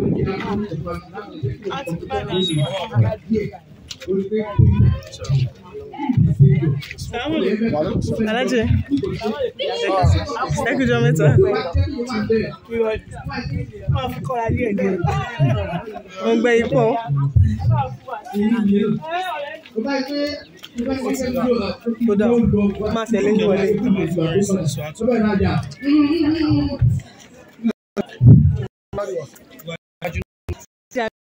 Alájẹ, ẹ kújọ mẹ́ta. Mo gbẹ ipò. Kódà, má tẹ̀lé ní wọlé.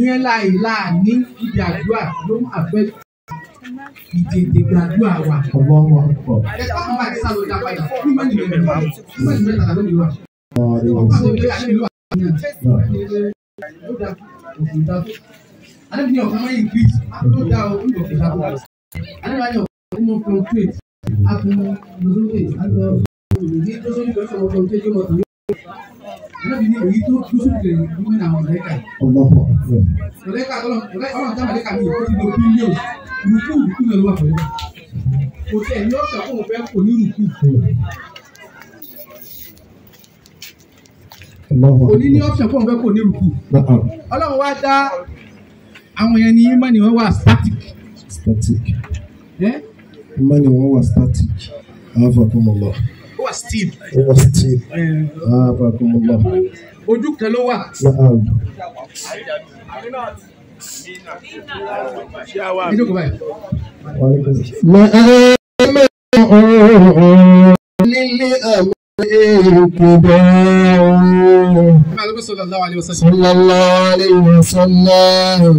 yẹn láìla ní ibi àdúrà ló ń àfẹ́ ìdèdè gbàdúrà wa. ọwọ́ wọn pọ̀. ẹ ká bá ti sáré ọjà padà ní mẹ́rin mẹ́rin mẹ́rin mẹ́ta ló lè wà. ọ̀pọ̀ àwọn ọmọdé àti ìlú àti ìlú àti adébíyẹ ọ̀kan máa ń gbé tó dá o ń bọ̀ kí n dá o. adébíyẹ ọ̀kan máa ń fọ́n tó ètò àti mọ̀ lórí ètò àti mọ̀ èyí tó sórí lọ́sọ̀ wọn lọ́wọ́ tẹ́jú wọn tòun. Ànábì ní èyí tó tó sórí lẹ́yìn ní mẹ́ta àwọn mọ̀lẹ́kà. Mọ̀lẹ́kà ọlọ́run tá mọ̀lẹ́kà mi ò ti lo bílíọ̀nù. Rùkú rùkú lọ́wọ́ wà pẹ̀lú. Kò tẹ̀ ní ọ̀sẹ̀ fún òun fẹ́ kò ní rùkú. Òní ní ọ̀sẹ̀ fún òun fẹ́ kò ní rùkú. Ọlọ́run wá dá àwọn yẹn ní mọ́ni wọn wà static. Static. Mọ́ni wọn wà static. Àwọn afọ lọ wà steam. Ah, wà steam. ojú kan ló wà. ìjókòó báyìí. Lílé àmì ìkùbọ̀. Sallallahu alayhi wa sallam.